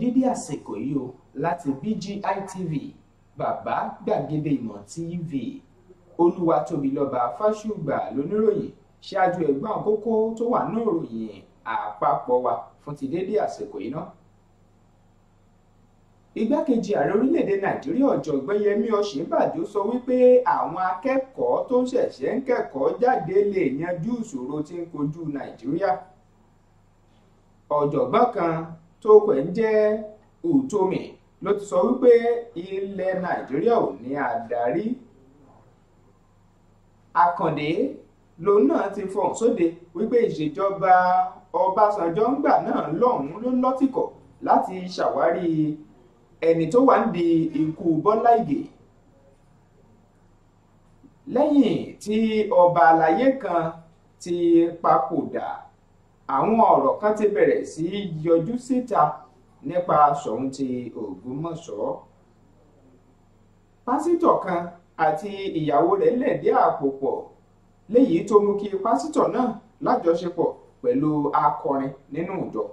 dídí àsìkò yìí o láti BGI TV bàbá gbàgede ìmọ̀ TV olúwatóbilọ́ba fáṣùgbà lóníròyìn ṣáájú ẹ̀gbọ́n àkókò tó wà náà ròyìn àpapọ̀ wa fún ti dédé àsìkò yìí náà. igbákejì ààrẹ orílẹ̀-èdè nàìjíríà ọ̀jọ̀gbọ́n yẹmí ọ̀ṣínbàjò sọ wípé àwọn akẹ́kọ̀ọ́ tó ṣẹ̀ṣẹ̀ ń kẹ́kọ̀ọ́ jáde lè yanjú ìṣòro tí ń kojú nàìjíríà ọ̀jọ̀gbọ́n kan tó pẹ̀ ń jẹ́ Utomi ló ti sọ wípé ilẹ̀ Nàìjíríà ò ní adarí Àkàndé lòun náà ti fọhùn sóde wípé ìṣèjọba Ọbásanjọ́ ńgbà náà lọ́hùn-ún ló lọ́tìkọ̀ láti ṣàwárí ẹni tó wà ń di ikú Bọ́lá Ìgè lẹ́yìn tí ọba àlàyé kan ti papòdà àwọn ọ̀rọ̀ kan ti bẹ̀rẹ̀ sí í yọjú síta nípa Ṣọ̀ún ti Ògbómọ̀ṣọ́ pásítọ̀ kan àti ìyàwó rẹ̀ lẹ̀dí àpò pọ̀ léyìí tó mú kí pásítọ̀ náà lájọṣepọ̀ pẹ̀lú akọrin nínú ìjọ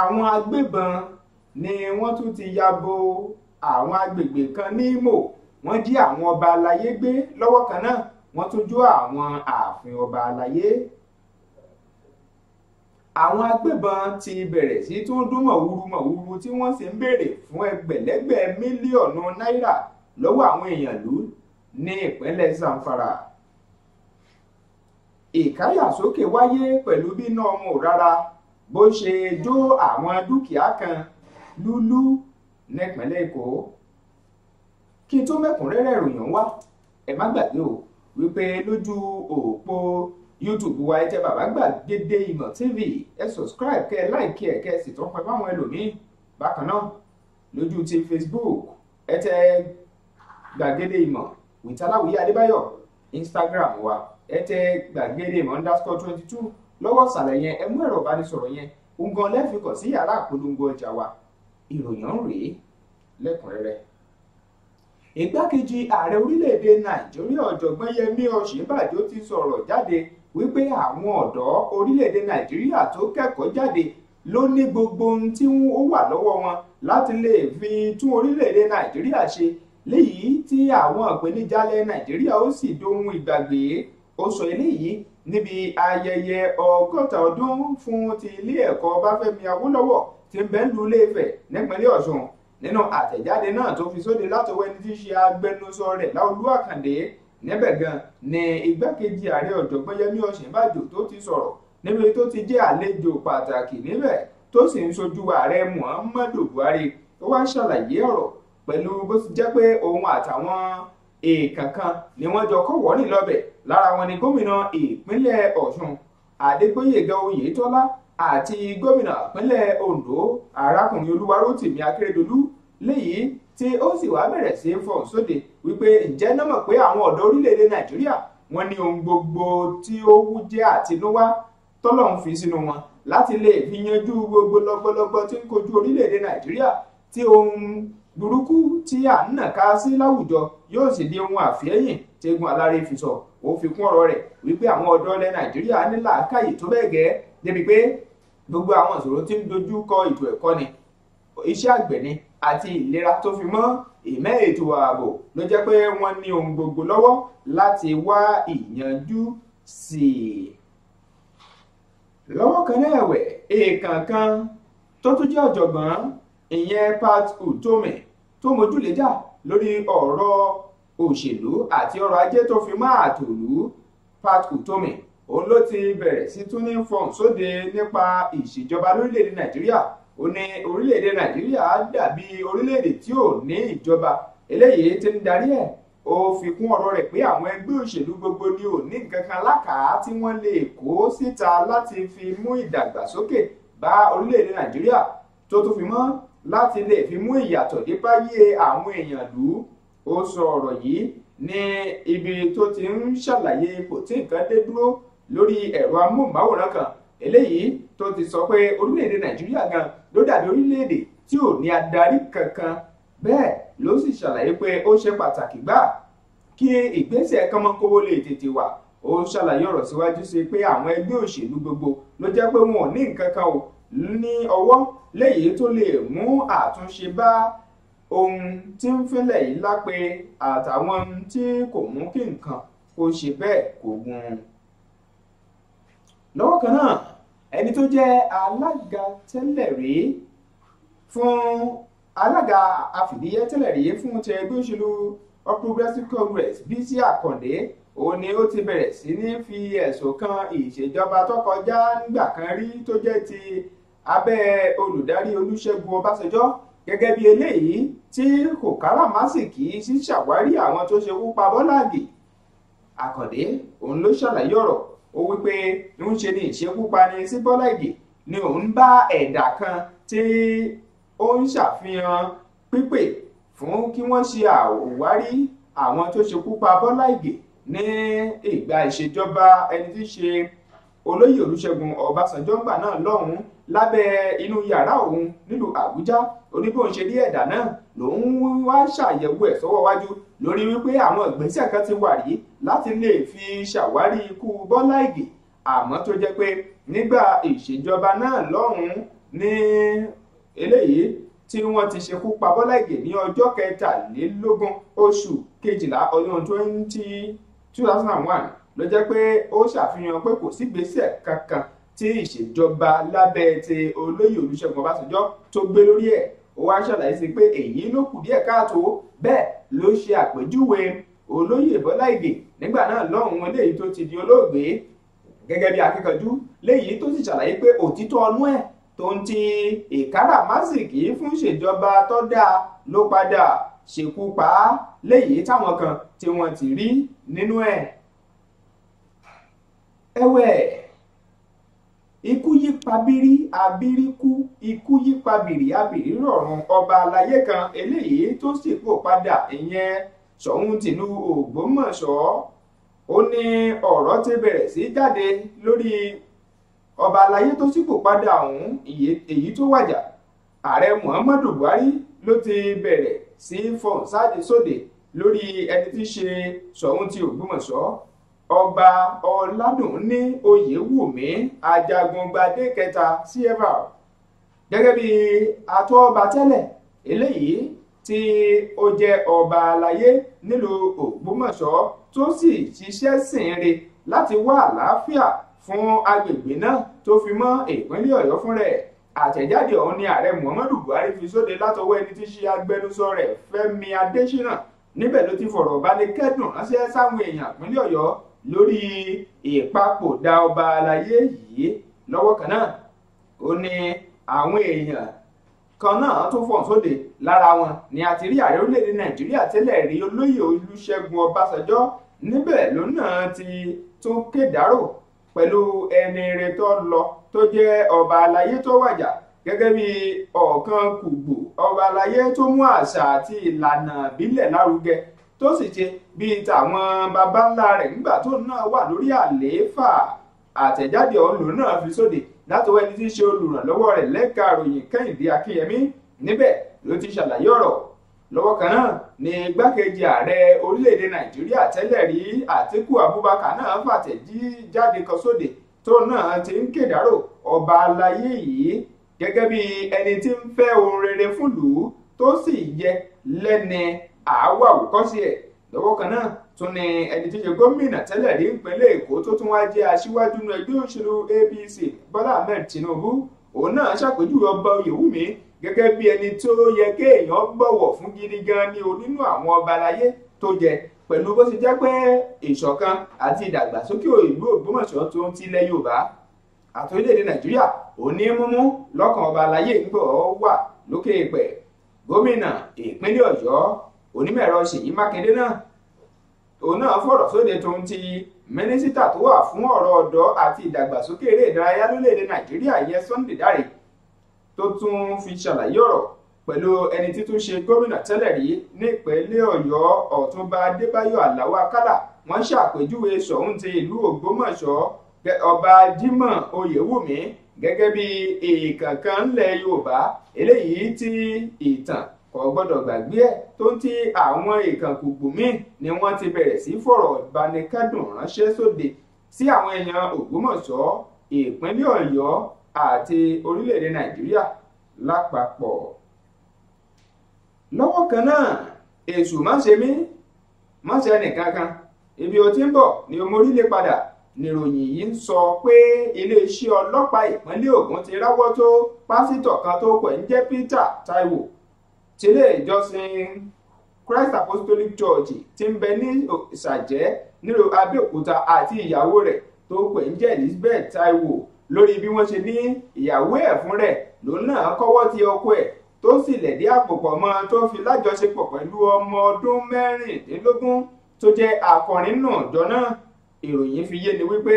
àwọn agbébọn ni wọ́n tún ti ya bo àwọn agbègbè kan ní Imo wọ́n jí àwọn ọba aláyé gbé lọ́wọ́ kan náà wọ́n tún jó àwọn ààfin ọba aláyé àwọn agbébọn ti bẹ̀rẹ̀ sí tún dún mọ̀wúrú mọ̀wúrú tí wọ́n sì ń béèrè fún ẹgbẹ̀lẹ́gbẹ̀ mílíọ̀nù náírà lọ́wọ́ àwọn èèyàn ìlú ní ìpínlẹ̀ Zamfara. ìkáyàsókè wáyé pẹ̀lú bí iná ọmọ òrara bó ṣe jó àwọn dúkìá kan lúlú nípínlẹ̀ Èkó. kí n tó mẹ́kúnrẹ́rẹ́ ìròyìn wá ẹ má gbàgbé o wípé lójú òpó youtube wa ẹ tẹ bàbá gbàgede ìmọ̀ tv ẹ subscribe kẹ ẹ láìkí ẹ kẹ ẹ sì tán pẹ fáwọn ẹlòmíín bákan náà lójú ti facebook ẹ tẹ gbàgede ìmọ̀ with aláwìyé adébáyọ̀ instagram wa ẹ tẹ gbàgede ìmọ̀ underscore twenty two lọ́wọ́ ìsàlẹ̀ yẹn ẹ mú ẹ̀rọ ìbánisọ̀rọ̀ yẹn òǹgan lẹ́fìkọ̀ sí yàrá àpolongo ọjà wa ìròyìn rèé lẹ́kùnrẹ́rẹ́ igbákejì ààrẹ orílẹ̀-èdè nàìjíríà ọ̀jọ̀gbọ́n yẹmí ọ̀ṣínbàjò ti sọ̀rọ̀ jáde wípé àwọn ọ̀dọ́ orílẹ̀-èdè nàìjíríà tó kẹ́kọ̀ọ́ jáde ló ní gbogbo ohun tí ó wà lọ́wọ́ wọn láti lè fi tún orílẹ̀-èdè nàìjíríà ṣe léyìí tí àwọn ìpèníjà nàìjíríà ó sì dohun ìgbàgbé ó sọ eléyìí níbi ayẹyẹ ọgọ́ta ọdún fún ti ilé ẹ̀kọ́ báfẹ́mi awólọ́wọ̀ tí ń bẹ lu ilé nípínlẹ̀ ọ̀ṣun nínú àtẹ̀jáde náà tó fi sóde látọwọ́ ẹni tí ń ṣe agbẹnusọ rẹ̀ láolú àkàndé níbẹ̀ gan ni igbákejì ààrẹ ọ̀jọ̀gbọ́n yẹmí ọ̀ṣínbàjò tó ti sọ̀rọ̀ níbi tó ti jẹ́ àlejò pàtàkì níbẹ̀ tó sì ń sojú ààrẹ muhammadu buhari ó wá ṣàlàyé ọ̀rọ̀ pẹ̀lú bó ti jẹ́ pé òun àtàwọn èèkàn kan ni wọ́n jọ kọ́ wọ́ọ́nì lọ́bẹ̀ lára wọn ni gómìnà ìpínlẹ̀ ọ̀ṣun adégbóyèga oyètọ́lá àti gómìnà ìpínlẹ̀ ondo arákùnrin olúwarótìmí akérèdọ́lù léyìí tí ó sì wá bẹ̀rẹ̀ sí í fọ̀hún sóde wípé ǹjẹ́ nọ́mọ̀ pé àwọn ọ̀dọ́ orílẹ̀-èdè nàìjíríà wọ́n ní ohun gbogbo tí ó wú jẹ́ àtinúwá tọ́lọ́run fi sínú wọn láti lè fi yanjú gbogbo lọ́gbọ́lọ́gbọ́ tí ń kojú orílẹ̀-èdè nàìjíríà tí ohun burúkú tí à ń nàka sí láwùjọ yóò sì di ohun àfẹ́yìn tẹ́gun aláré fi sọ ó fi kún ọ̀rọ̀ rẹ̀ wípé àwọn ọ̀dọ́ ilẹ̀ nàìjíríà ní làákàyè tó bẹ́ẹ̀ gẹ́ débi pé gbogbo àwọn ìṣòro tí ń dojú kọ ètò ẹ̀kọ́ ni iṣẹ́ àgbẹ̀ ni àti ìlera tó fi mọ́ ìmẹ́ ètò ààbò ló jẹ́ pé wọ́n ní ohun gbogbo lọ́wọ́ láti wá ìyanjú sí i. lọ́wọ́ kan náà ẹ̀wẹ̀ èèkàn kan tó tún jẹ́ ọ̀jọ̀gbọ́n ìyẹn Pat Utome tó mójúlẹ́jà lórí ọ̀rọ̀ òṣèlú àti ọrọ̀ ajé tó fi mọ́ àtòlú Pat Utome òun ló ti bẹ̀rẹ̀ sí tún ní fọ̀n sóde nípa ìṣèjọba lórílẹ̀‐èdè Nàìjíríà ó ní orílẹ̀-èdè nàìjíríà dàbí orílẹ̀-èdè tí ò ní ìjọba eléyìí ti ń darí ẹ̀ ó fi kún ọ̀rọ̀ rẹ̀ pé àwọn ẹgbẹ́ òṣèlú gbogbo ni ò ní nǹkan kan lákàá tí wọ́n lè kó síta láti fi mú ìdàgbàsókè bá orílẹ̀-èdè nàìjíríà tó tún fi mọ́ láti lè fi mú ìyàtọ̀ dé báyé àwọn èèyàn lù ú ó sọ ọ̀rọ̀ yìí ní ibi tó ti ń ṣàlàyé ipò tí nǹkan dé dúró lórí ẹ̀rọ amóhùnmáwòrán kan eléyìí tó ti sọ pé orílẹ̀-èdè nàìjíríà gan ló dàbí orílẹ̀-èdè tí ò ní adarí kankan bẹ́ẹ̀ ló sì ṣàlàyé pé ó ṣe pàtàkì gbà kí ìgbésẹ̀ kánmọ́kówó lè tètè wà ó ṣàlàyé ọ̀rọ̀ síwájú sí pé àwọn ẹgbẹ́ òṣèlú gbogbo ló jẹ́ pé wọn ò ní nǹkan kan ò ní ọwọ́ léyìí tó lè mú àtúnṣe bá ohun tí ń fínlẹ̀ yìí lápè àtàwọn tí kò mú kí nǹkan kó ṣe bẹ́ẹ̀ kó gun. lọ́wọ́ kan náà ẹni tó jẹ́ alága tẹ́lẹ̀ rí fún alága àfìdíyẹ tẹ́lẹ̀ rí fún ti ẹgbẹ́ òṣèlú All Progressives Congress Bísí Àkàndé òun ni ó ti bẹ̀rẹ̀ sí ní fi ẹ̀sùn kan ìṣèjọba tó kọjá nígbà kan rí tó jẹ́ ti abẹ́ olùdarí Olúṣẹ́gun Ọbásanjọ́ gẹ́gẹ́ bí eléyìí tí kò káràmásìkì sí àwọn tó ṣekú pa Bọ́lá Àkàndé òun ló ṣàlàyé ọ̀rọ̀ ó wípé ń ṣe ní ìṣekúpani sí Bọ́lá Ìgè ni òun bá ẹ̀dà kan tí ó ń ṣàfihàn pípè fún kí wọ́n ṣe àwárí àwọn tó ṣekú pa Bọ́lá Ìgè ní ìgbà ìṣèjọba ẹni tí ń ṣe olóyè olúṣẹ́gun ọbásanjọ́ gbà náà lọ́hùn-ún lábẹ́ inú yàrá òun nílùú àbújá oníbòǹṣe ní ẹ̀dà náà lòun wá ṣàyẹ̀wò ẹ̀ sọ́wọ́ wájú lórí wípé àwọn ìgbésẹ̀ kan ti wà rí láti lè fi ṣàwárí ikú bọ́lá ìgè àmọ́ tó jẹ́ pé nígbà ìṣèjọba náà lọ́hùn-ún ní eléyìí tí wọ́n ti ṣekú pa bọ́lá ìgè ní ọjọ́ kẹtàlélógún oṣù kejìlá ọdún twenty two thousand and one ló jẹ́ pé ó ṣàfihàn pé kò sí ìgbésẹ̀ kankan tí ìṣèjọba lábẹ́ ti olóyè olùṣègùn ọbásanjọ́ tó gbé lórí ẹ̀ ó wá ṣàlàyé sí pé èyí ló kù díẹ̀ káàtó bẹ́ẹ̀ ló ṣe àpèjúwe olóyè bọ́lá ìgè nígbà náà lọ́hùn-ún léyìí tó ti di olóògbé gẹ́gẹ́ bí akíkanjú léyìí tó sì ṣàlàyé pé òtítọ́ ọnú ẹ̀ tó ń ti ìkáràmásìkì fún ìṣèjọba tó dáa ló padà ṣekú pa á léyìí táwọn kan tí wọ́n ti rí nínú ẹ̀ ẹ̀wẹ̀ ikú yí pabiri abiri kú ikú yí pabiri abiri rọ̀rùn ọba àlàyé kan eléyìí tó sì kó padà ìyẹn Ṣọ̀ún Tìnúbù Ògbómọ̀ṣọ́ ó ní ọ̀rọ̀ ti bẹ̀rẹ̀ sí jáde lórí ọba àlàyé tó sì kó padà ọ̀hún èyí tó wàjà ààrẹ Muhammadu Buhari ló ti bẹ̀rẹ̀ sí fọ̀nsáde sóde lórí ẹni tí í ṣe Ṣọ̀ún ti Ògbómọ̀ṣọ́ ọba ọládùnní oyèwùmí ajagungbadé kẹta cfr gẹ́gẹ́ bí atọ́ọba tẹ́lẹ̀ eléyìí tí ó jẹ́ ọba àlàyé nílùú ògbómọ̀ṣọ́ tó sì ṣiṣẹ́ sìnre láti wá àlàáfíà fún agbègbè náà tó fi mọ́ ìpínlẹ̀ ọ̀yọ́ fún rẹ̀ àtẹ̀jáde ọ̀hún ni ààrẹ muhammadu buhari fi sóde látọwọ́ ẹni tí í ṣe agbẹnusọ rẹ̀ fẹ́mi adésínà níbẹ̀ ló ti fọ̀rọ̀ bá ní kẹ́dùn ránṣẹ́ sáwọn èèyàn ìpínlẹ̀ ọ̀yọ́ lórí ìpapòdà ọba àlàyé yìí lọ́wọ́ kan náà ó ní àwọn èèyàn kan náà tó fọ̀n sóde lára wọn ni a ti rí ààrẹ orílẹ̀-èdè nàìjíríà tẹ́lẹ̀ rí olóyè olúṣẹ́gun ọbásanjọ́ níbẹ̀ lòun náà ti tún kédàárò pẹ̀lú ẹni rẹ̀ tó lọ tó jẹ́ ọba àlàyé tó wàjà gẹ́gẹ́ bí ọ̀kan kùgbù ọba àlàyé tó mú àṣà àti ìlànà ìbílẹ̀ lárugẹ tó sì ṣe bíi tàwọn baba ńlá rẹ̀ nígbà tó náà wà lórí àlééfà àtẹ̀jáde ọ̀lù náà fi sóde látọwọ́ ẹni tí í ṣe olùrànlọ́wọ́ rẹ̀ lẹ́ka àròyìn kẹ́hìndé akínyẹmí níbẹ̀ ló ti ṣàlàyé ọ̀rọ̀ lọ́wọ́ kan náà ni igbákejì ààrẹ orílẹ̀-èdè nàìjíríà tẹ́lẹ̀ rí àtíkù abubakar náà fàtẹ̀jáde kan sóde tó náà ti ń kèdárò ọba alayé yìí gẹ́gẹ́ bí ẹni tí ń fẹ́ ohun rere fúnlùú tó sì yẹ lẹ́ni àáwọ̀ àwòkọ́sí ẹ̀ lọ́wọ́ kan náà tún ni ẹni tó ṣe gómìnà tẹ́lẹ̀ rí ìpínlẹ̀ èkó tó tún wáá jẹ́ aṣíwájú nínú ẹgbẹ́ òṣèlú APC Bọ́lá Ahmed Tinubu òun náà ṣàpèjúwe ọba Oyèwùmí gẹ́gẹ́ bí ẹni tó yẹ kéèyàn bọ̀wọ̀ fún gidi gan ni o nínú àwọn ọba aláyé tó jẹ pẹ̀lú bó ṣe jẹ́ pé ìṣọ̀kan àti ìdàgbàsókè ìlú Ògbómọ̀ṣọ́ tó ń ti ilẹ̀ Yorùbá àti orílẹ̀-èdè Nàìjíríà òní múmú lọ́kàn ọba aláyé ń gbọ́ wà lókè pẹ̀ gómìnà ìpínlẹ̀ Ọ̀yọ́ onímọ̀ ẹ̀rọ Ṣèyí Mákindé náà òun náà fọ̀rọ̀ sóde tó ń ti mínísítà tó wà fún ọ̀rọ̀ ọ̀dọ́ àti ìdàgbàsókè eré ìdárayá lórílẹ̀‐èdè Nàìjíríà yẹ Sunday Dare tó tún fi ṣàlàyé ọ̀rọ̀ pẹ̀lú ẹni títún ṣe gómìnà tẹ́lẹ̀ rí ní ìpínlẹ̀ Ọ̀yọ́ Ọ̀túnba Adébáyọ̀ Àlàó Akálà wọ́n ṣàpèjúwe Ṣọ̀ún ti ìlú Ògbómọ̀ṣọ́ ọba Dímọ̀ Oyèwùmí gẹ́gẹ́ bí èèkàn kan Yorùbá eléyìí tí ìtàn kò gbọ́dọ̀ gbàgbé ẹ̀ tó ń ti àwọn ìkànkùgbù míì ni wọ́n ti bẹ̀rẹ̀ sí fọ̀rọ̀ ìbánikẹ́dùn ránṣẹ́ sóde sí àwọn èèyàn Ògbómọ̀ṣọ́ ìpínlẹ̀ Ọ̀yọ́ àti orílẹ̀-èdè Nàìjíríà lápapọ̀ lọ́wọ́ kan náà èṣù má ṣe mí má ṣe ẹnìkan kan ibi ó ti ń bọ̀ ni omori lè padà níròyìn yìí ń sọ pé iléeṣẹ́ ọlọ́pàá ìpínlẹ̀ Ògùn ti ráwọ́ tó pásítọ̀ kan tó pẹ̀ ń jẹ́ Peter Taiwo tilé ìjọsìn Christ Apostolic Church ti ń bẹ ní ìsàjẹ́ nílùú Abẹ́òkúta àti ìyàwó rẹ̀ tó pè ń jẹ́ Elizabeth Taiwo lórí bí wọ́n ṣe ní ìyàwó ẹ̀ fún rẹ̀ lòun náà kọ́wọ́ ti ọkọ ẹ̀ tó sì lẹ̀dí àpò pọ̀ mọ́ tó fi lájọṣepọ̀ pẹ̀lú ọmọ ọdún mẹ́rìndínlógún tó jẹ́ akọrin náà jọ́nà ìròyìn fi yé ni wípé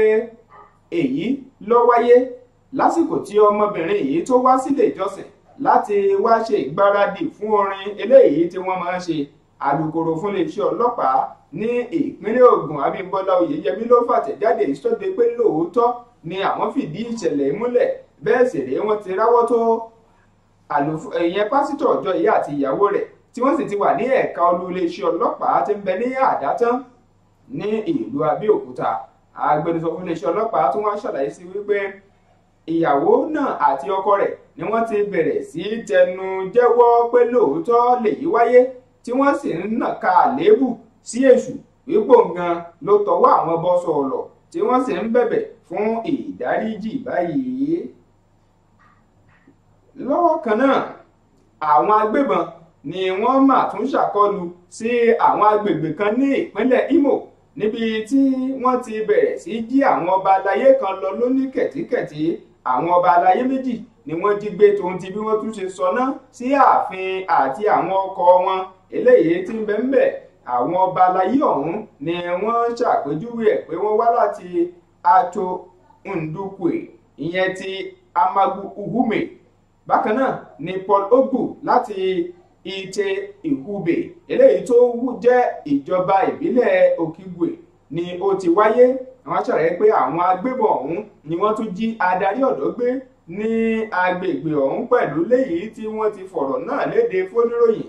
èyí ló wáyé lásìkò tí ọmọbìnrin yìí tó wá sílé ìjọsìn láti wá ṣe ìgbáradì fún orin eléyìí tí wọ́n máa ń ṣe alūkkóró fún iléeṣẹ́ ọlọ́pàá ní ìpínlẹ̀ Ògùn Abímbọ́lá Oyèyẹmí ló fàtẹ̀jáde ìsọdẹ pé lóòótọ́ ni àwọn fìdí ìṣẹ̀lẹ̀ múlẹ̀ bẹ́ẹ̀ sì rèé wọ́n ti ráwọ́ tó ìyẹn pásítọ̀ ọjọ́ ìyá àti ìyàwó rẹ̀ tí wọ́n sì ti wà ní ẹ̀ka olú iléeṣẹ́ ọlọ́pàá tí ń bẹ ní àdátán ní ìlú Abẹ́òkúta agbẹnusọ fún iléeṣẹ́ ọlọ́pàá tí wọ́n ṣàlàyé sí wípé ìyàwó náà àti ọkọ rẹ̀ ni wọ́n ti bẹ̀rẹ̀ sí í tẹnu jẹ́wọ́ pé lóòótọ́ lèyí wáyé tí wọ́n sì ń nàka àléébù sí èṣù wípò gan ló tọwọ́ àwọn bọ́ sọ̀lọ̀ tí wọ́n sì ń bẹ̀bẹ̀ fún ìdáríjì báyìí. lọ́wọ́ kan náà àwọn agbébọn ni wọ́n mà tún ṣàkọlù sí àwọn agbègbè kan ní ìpínlẹ̀ Imo níbi tí wọ́n ti bẹ̀rẹ̀ sí jí àwọn ọba aláyé kan lọ lóní kẹ̀tíkẹ̀tí àwọn ọba aláyé méjì ni wọ́n jí gbé tòun ti bí wọ́n tún ṣe sọná sí ààfin àti àwọn ọkọ wọn eléyìí tí ń bẹ ń bẹ àwọn ọba aláyé ọ̀hún ni wọ́n ṣàpèjúwe ẹ̀ pé wọ́n wá láti ato ndukwe ìyẹn ti amagu uhume bákan náà ni paul ogu láti ite ìhubè eléyìí tó jẹ́ ìjọba ìbílẹ̀ òkìgbè ni ó ti wáyé wọ́n ṣàlàyé pé àwọn agbébọn ọ̀hún ni wọ́n tún jí adarí ọ̀dọ́ gbé ní agbègbè ọ̀hún pẹ̀lú léyìí tí wọ́n ti fọ̀rọ̀ náà léde fóníròyìn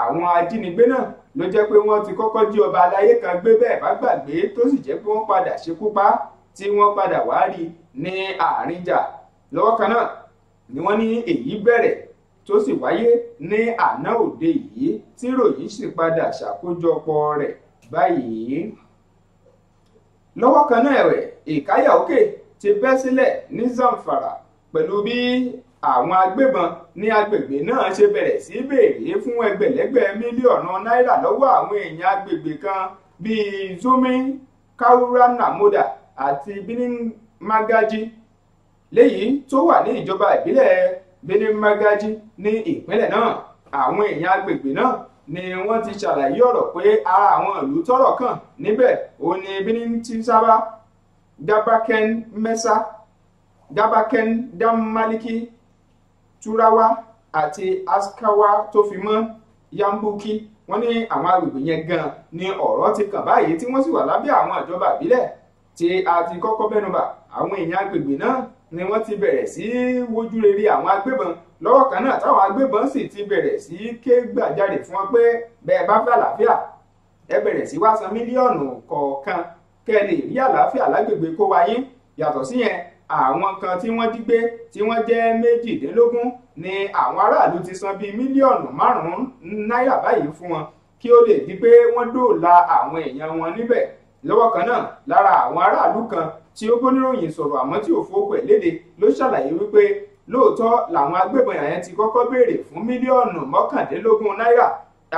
àwọn ajínigbé náà ló jẹ́ pé wọ́n ti kọ́kọ́ jí ọba aláyé kan gbé bẹ́ẹ̀ bá gbàgbé tó sì jẹ́ pé wọ́n padà ṣekú pa tí wọ́n padà wá rí ní àárín jà lọ́wọ́ kan náà ni wọ́n ní èyí bẹ̀rẹ̀ tó sì wáyé ní àná òde yìí tí ròyìn sì padà ṣàkójọpọ̀ rẹ̀ báyìí lọ́wọ́ kan náà ẹ̀wẹ̀ ìkáyà òkè ti bẹ́ sílẹ̀ ní Zamfara pẹ̀lú bí àwọn agbébọn ní agbègbè náà ṣe bẹ̀rẹ̀ sí béèrè fún ẹgbẹ̀lẹ́gbẹ̀ mílíọ̀nù náírà lọ́wọ́ àwọn èèyàn agbègbè kan bíi Zumi Kaura Namoda àti Binin Magaji léyìí tó wà ní ìjọba ìbílẹ̀ Binin Magaji ní ìpínlẹ̀ náà àwọn èèyàn agbègbè náà ni wọ́n ti ṣàlàyé ọ̀rọ̀ pé ara àwọn ìlú tọ́rọ̀ kàn níbẹ̀ òun ni Benin ti sábà Dabaken Mesa Dabaken Damaliki Turawa àti Askawa tó fi mọ́ Yambuki wọ́n ní àwọn agbègbè yẹn gan ni ọ̀rọ̀ ti kàn báyìí tí wọ́n sì wà lábẹ́ àwọn ìjọba ìbílẹ̀ tí a ti kọ́kọ́ bẹ́nu bà àwọn èèyàn agbègbè náà ni wọ́n ti bẹ̀rẹ̀ sí wójúrere àwọn agbébọn lọ́wọ́ kan náà táwọn agbébọn sì ti bẹ̀rẹ̀ sí í ké gbàjarè fún wọn pé bẹ́ẹ̀ bá fẹ́ àlàáfíà ẹ bẹ̀rẹ̀ sí wá san mílíọ̀nù kọ̀ọ̀kan kẹ́ ẹ lè rí àlàáfíà lágbègbè kó wa yín yàtọ̀ síyẹn àwọn kan tí wọ́n jí gbé tí wọ́n jẹ́ méjìdínlógún ni àwọn aráàlú ti san bíi mílíọ̀nù márùn-ún náírà báyìí fún wọn kí ó lè di pé wọ́n dóòlà àwọn èèyàn wọn níbẹ̀ lọ́wọ́ kan náà lára àwọn aráàlú kan tí ó gbóníròyìn sọ̀rọ̀ àmọ́ tí ò fowó pẹ̀ léde ló ṣàlàyé wípé lóòótọ́ làwọn agbébọn yàyẹn ti kọ́kọ́ béèrè fún mílíọ̀nù mọ́kàndínlógún náírà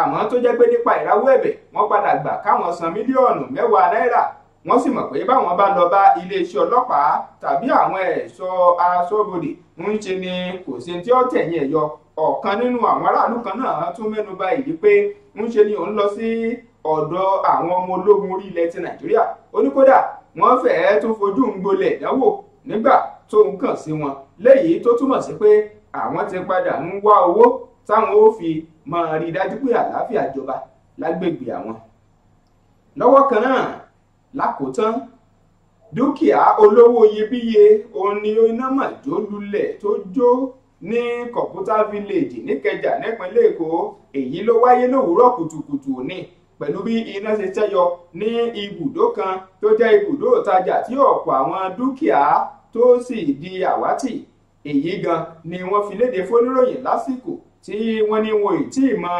àmọ́ tó jẹ́ pé nípa ìrawọ́ ẹ̀bẹ̀ wọ́n padà gbà káwọn san mílíọ̀nù mẹ́wàá náírà wọ́n sì mọ̀ pé báwọn bá lọ bá iléeṣẹ́ ọlọ́pàá tàbí àwọn ẹ̀ṣọ́ aṣọ́bodè ń ṣe ni kò sí tí ó tẹ̀yìn ẹ̀yọ ọ̀kan nínú àwọn aráàlú kan náà tún mẹ́nu bà èyí pé ń ṣe ni òun lọ sí ọ̀dọ̀ àwọn ọmọ ológun orí ilẹ̀ ti nàìjíríà ó ní kódà wọ́n fẹ́ẹ́ tún fojú ń gbolẹ̀ ìdánwò nígbà tó ń kàn sí wọn léyìí tó túmọ̀ sí pé àwọn ti padà ń wá owó táwọn ó fi máa rí dájú pé àlàáfíà jọba lágbègbè àwọn. lọ́wọ́ kan náà lákòótán dúkìá olówó iyebíye òun ni iná màjò lulẹ̀ tó jó ní kọ̀ǹpútà village níkẹjà nípínlẹ̀ èkó èyí ló wáyé lówùúrọ̀ kùtùkùtù òní pẹ̀lú bí iná ṣe tẹ́yọ ní ibùdó kan tó jẹ́ ibùdó ìtajà tí ọ̀pọ̀ àwọn dúkìá tó sì di àwátì èyí gan ni wọ́n fi léde fóníròyìn lásìkò tí wọ́n ní wọn ò tí ì mọ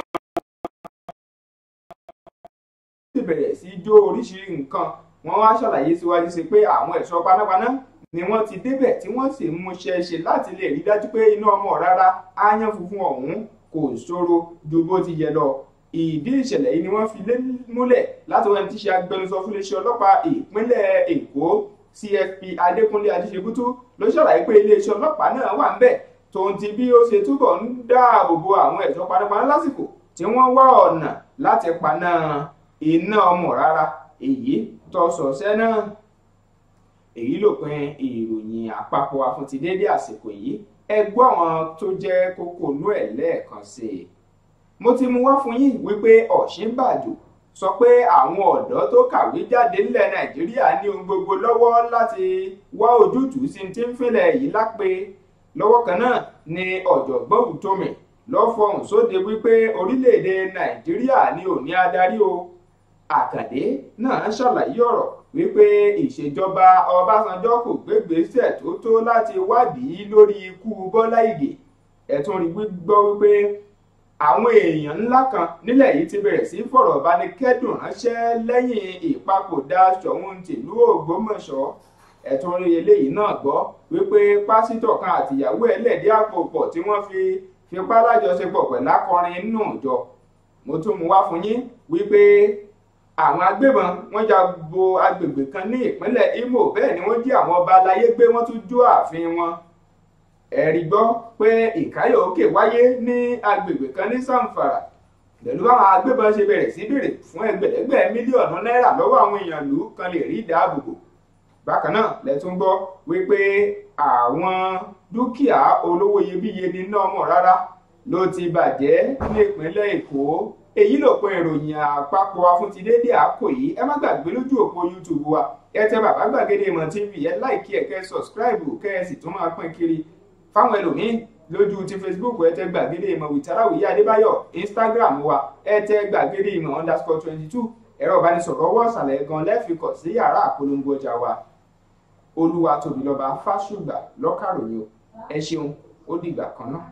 sì bẹ̀rẹ̀ sí jó oríṣiríṣi nǹkan wọ́n wá ṣàlàyé síwájú sí pé àwọn ẹ̀ṣọ́ panápaná ni wọ́n ti débẹ̀ tí wọ́n sì mú ṣẹṣe láti lè rí dájú pé iná ọmọ rárá áyán funfun ọ̀hún kò ṣòro ju bó ti yẹ lọ ìdí ìṣẹ̀lẹ̀ yìí ni wọ́n fi lé múlẹ̀ láti wọ́n ti ṣe agbẹnusọ fún iléeṣẹ́ ọlọ́pàá ìpínlẹ̀ Èkó CFP Adékúnlé Adéṣebútú ló ṣàlàyé pé iléeṣẹ́ ọlọ́pàá náà wà ń bẹ̀ tòun ti bí ó ṣe túbọ̀ ń dáàbò bo àwọn ẹ̀ṣọ́ panápaná lásìkò tí wọ́n wá ọ̀nà láti paná iná ọmọ rárá èyí tọ́sọ̀ọ́sẹ́ náà èyí lópin ìròyìn àpapọ̀ wa fún ti déédé àsìkò yìí ẹ gbọ́ àwọn tó jẹ́ kókó nú ẹ̀ lẹ́ẹ̀kan sí i mo ti mú wá fún yín wípé Ọ̀ṣínbàjò sọ pé àwọn ọ̀dọ́ tó kàwé jáde ńlẹ̀ nàìjíríà ní ohun gbogbo lọ́wọ́ láti wá ojútùú sí ti ń fìlẹ̀ yìí lápè lọ́wọ́ kan náà ni ọ̀jọ̀gbọ́n Utomi ló fọhùn sóde wípé orílẹ̀-èdè nàìjíríà ni òní adarí o àkàdé náà ṣàlàyé ọ̀rọ̀ wípé ìṣèjọba ọbásanjọ́ kò gbégbèsè tó tó láti wádìí lórí ikú bọ́lá ìgè ẹ̀tún rí gbígbọ́ wípé àwọn èèyàn ńlá kan nílẹ̀ yìí ti bẹ̀rẹ̀ sí fọ̀rọ̀ ìbánikẹ́dùn ránṣẹ́ lẹ́yìn ìpapòdà Ṣọ̀ún tìlú Ògbómọ̀ṣọ́ ẹ̀tún orí eléyìí náà gbọ́ wípé pásítọ̀ kan àtìyàwó ẹlẹ́dẹ̀ àpò pọ̀ tí wọ́n fi fipá lájọṣepọ̀ pẹ̀lú akọrin nínú ìjọ mo tún mú wá fún yín wípé àwọn agbébọn wọ́n já bo agbègbè kan ní ìpínlẹ̀ Imo bẹ́ẹ̀ ni wọ́n jí àwọn ọba aláyé gbé wọ́n tún jó ààfin wọn ẹ̀rí gbọ́ pé ìkáyọ̀ọ́kè wáyé ní agbègbè kan ní Zamfara pẹ̀lú àwọn agbébọn ṣe bẹ̀rẹ̀ sí béèrè fún ẹgbẹ̀lẹ́gbẹ̀ mílíọ̀nù náírà lọ́wọ́ àwọn èèyàn ìlú kan lè rí ìdáàbòbò bákan náà lẹ́tún gbọ́ wípé àwọn dúkìá olówó iyebíye ní iná ọmọ rárá ló ti bàjẹ́ nípínlẹ̀ Èkó èyí lòpin ìròyìn àpapọ̀ wa fún ti dédé àkó yìí ẹ má gbàgbé lójú òpó YouTube wa ẹ tẹ bàbá gbàgede ìmọ̀ tv ẹ láìkí ẹ kẹ́ sọ̀scribe kẹ́ ẹ sì tún máa pín kiri fáwọn ẹlòmíín lójú ti facebook ẹ tẹ gbàgede ìmọ̀ with aláwìyé adébáyọ̀ instagram wa ẹ tẹ gbàgede ìmọ̀ underscore twenty two ẹ̀rọ ìbánisọ̀rọ̀ ọwọ́ ọ̀sàlẹ̀ gan lẹ́fìkọ̀ sí yàrá àpolongo ọjà wa olúwa tóbi lọ́ba fásùgbà lọ́kàròyìn ẹ ṣeun ó dìgbà kan náà.